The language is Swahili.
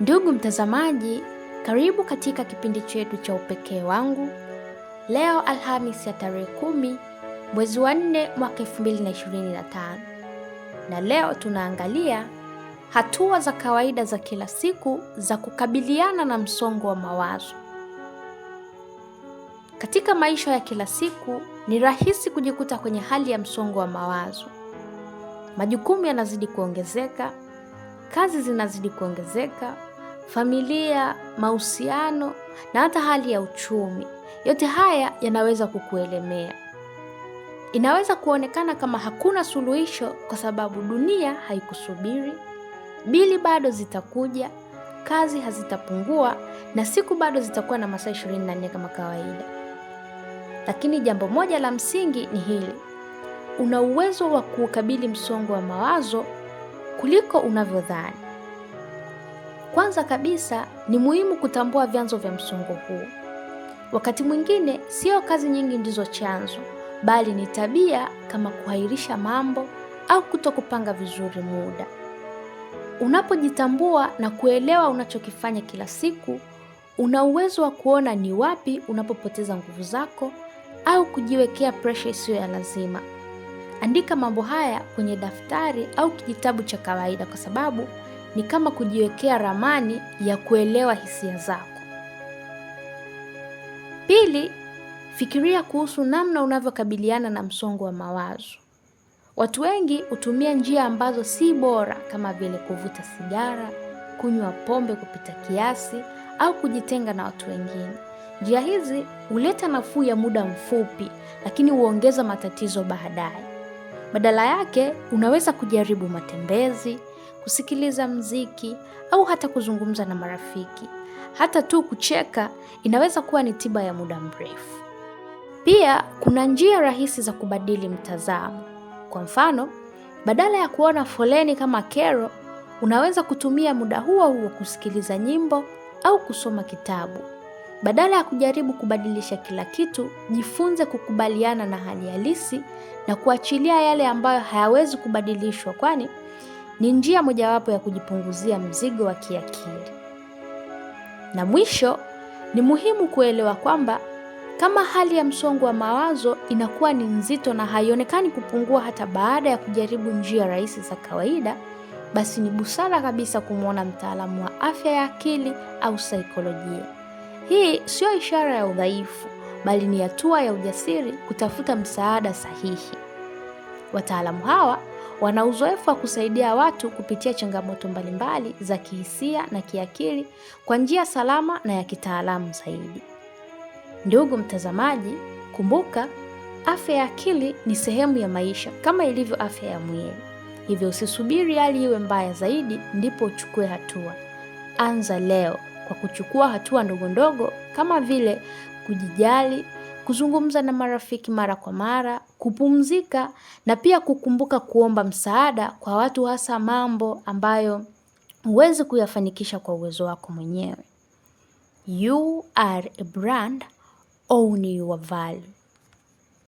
Ndugu mtazamaji, karibu katika kipindi chetu cha Upekee wangu. Leo Alhamisi ya tarehe kumi mwezi wa nne mwaka 2025, na leo tunaangalia hatua za kawaida za kila siku za kukabiliana na msongo wa mawazo. Katika maisha ya kila siku ni rahisi kujikuta kwenye hali ya msongo wa mawazo. Majukumu yanazidi kuongezeka, kazi zinazidi kuongezeka familia, mahusiano na hata hali ya uchumi. Yote haya yanaweza kukuelemea. Inaweza kuonekana kama hakuna suluhisho, kwa sababu dunia haikusubiri, bili bado zitakuja, kazi hazitapungua, na siku bado zitakuwa na masaa 24 kama kawaida. Lakini jambo moja la msingi ni hili: una uwezo wa kuukabili msongo wa mawazo kuliko unavyodhani. Kwanza kabisa ni muhimu kutambua vyanzo vya msongo huu. Wakati mwingine sio kazi nyingi ndizo chanzo, bali ni tabia kama kuahirisha mambo au kuto kupanga vizuri muda. Unapojitambua na kuelewa unachokifanya kila siku, una uwezo wa kuona ni wapi unapopoteza nguvu zako au kujiwekea presha isiyo ya lazima. Andika mambo haya kwenye daftari au kijitabu cha kawaida kwa sababu ni kama kujiwekea ramani ya kuelewa hisia zako. Pili, fikiria kuhusu namna unavyokabiliana na msongo wa mawazo. Watu wengi hutumia njia ambazo si bora kama vile kuvuta sigara, kunywa pombe kupita kiasi au kujitenga na watu wengine. Njia hizi huleta nafuu ya muda mfupi, lakini huongeza matatizo baadaye. Badala yake, unaweza kujaribu matembezi, kusikiliza mziki au hata kuzungumza na marafiki. Hata tu kucheka inaweza kuwa ni tiba ya muda mrefu. Pia kuna njia rahisi za kubadili mtazamo. Kwa mfano, badala ya kuona foleni kama kero, unaweza kutumia muda huo huo kusikiliza nyimbo au kusoma kitabu. Badala ya kujaribu kubadilisha kila kitu, jifunze kukubaliana na hali halisi na kuachilia yale ambayo hayawezi kubadilishwa, kwani ni njia mojawapo ya kujipunguzia mzigo wa kiakili. Na mwisho, ni muhimu kuelewa kwamba kama hali ya msongo wa mawazo inakuwa ni nzito na haionekani kupungua hata baada ya kujaribu njia rahisi za kawaida, basi ni busara kabisa kumwona mtaalamu wa afya ya akili au saikolojia. Hii sio ishara ya udhaifu, bali ni hatua ya ujasiri kutafuta msaada sahihi. Wataalamu hawa wana uzoefu wa kusaidia watu kupitia changamoto mbalimbali za kihisia na kiakili kwa njia salama na ya kitaalamu zaidi. Ndugu mtazamaji, kumbuka afya ya akili ni sehemu ya maisha kama ilivyo afya ya mwili. Hivyo usisubiri hali iwe mbaya zaidi ndipo uchukue hatua. Anza leo kwa kuchukua hatua ndogo ndogo kama vile kujijali, kuzungumza na marafiki mara kwa mara, kupumzika na pia kukumbuka kuomba msaada kwa watu, hasa mambo ambayo huwezi kuyafanikisha kwa uwezo wako mwenyewe. You are a brand, own your value.